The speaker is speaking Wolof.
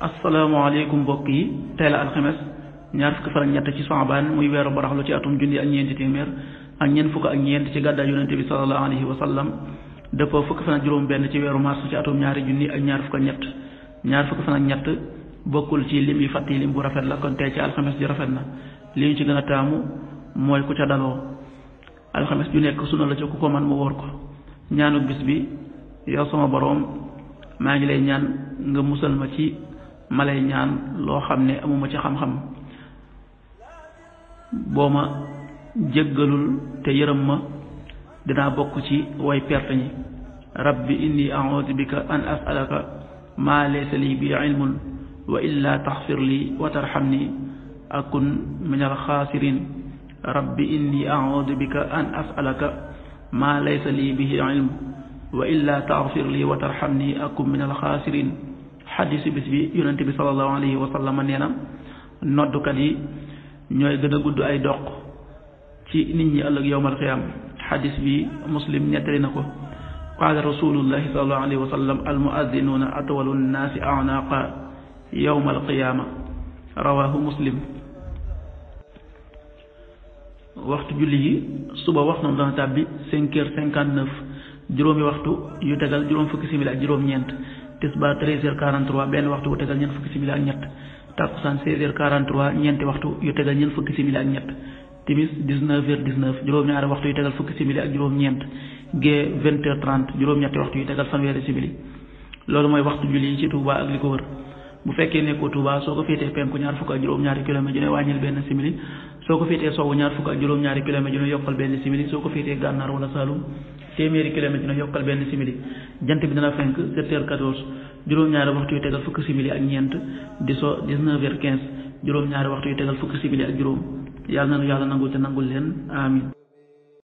asalaamaaleykum mbokk yi tey la alxemes ñaar fukki fan ak ñett ci Saabaan muy weeru baraxlu ci atum junni ak ñeenti téeméer ak ñeent ak ñeent ci gàddaay yonente bi sallallahu alayhi wa sallam dëppoo fukki fan juróom-benn ci weeru mars ci atum ñaari junni ak ñaar fukk ak ñett ñaar fukki fan ñett bokkul ci lim yi fàtt yi lim bu rafet la kon tey ci alxemes ji rafet na li ñu ci gën a taamu mooy ku ca daloo alxemes ju nekk sunna la ci ku ko man mu wóor ko ñaanu bis bi yow sama boroom maa ngi lay ñaan nga musal ma ci. malay lay ñaan loo xam ne amuma ci xam-xam boo ma te yërëm ma dinaa bokk ci way perte ñi rabbi inni audu bika an asalaka maa laysa lii bi ilmun wa illaa taxfir lii wa tarxamni akun min alxaasirin rabbi inni audu bika an asalaka maa laysa lii bihi ilmu wa illaa taxfir lii wa tarxamni akun min alxaasirin xaddisu bis bi yonente bi sallallahu alayhi wa sallam nee na yi ñooy gën a gudd ay doq ci nit ñi ëllëg yowmal qiyaam xaddis bi muslim ñettali na ko qaala rasulullahi sallallahu alayhi wa sallam almuazzinuuna atwalu nnaasi anaaqa yowmal qiyaama rawahu muslim waxtu julli yi suba waxtu dana tàbbi cinq heures cinquante neuf juróomi waxtu yu tegal juróom fukki simili ak juróom ñeent tisbaar 13h43 benn waxtu wu tegal fukki simili ak ñett ñeent fukki juróom-ñaari waxtu yu tegal fukki simili ak juróom-ñeent gee juróom-ñetti waxtu yu tegal fanweeri simili loolu mooy waxtu julli ci Touba ak li ko wër bu fekkee nekkoo Touba soo ko féetee penku ñaar fukk ak juróom-ñaari kilomètre ju ne wàññil benn simili soo ko féetee sowwu ñaar fukk ak juróom-ñaari kilomètre ju ne yokkal benn simili soo ko féetee gànnaar wala Saloum téeméeri kilomètres na yokkal benn simili jant bi dana fenk sept heures quatorze juróom-ñaari waxtu yu tegal fukk simili ak ñeent di so dix-neuf heures quinze juróom-ñaari waxtu yu tegal fukk simili ak juróom yàlla na yàlla nangul te nangul leen amin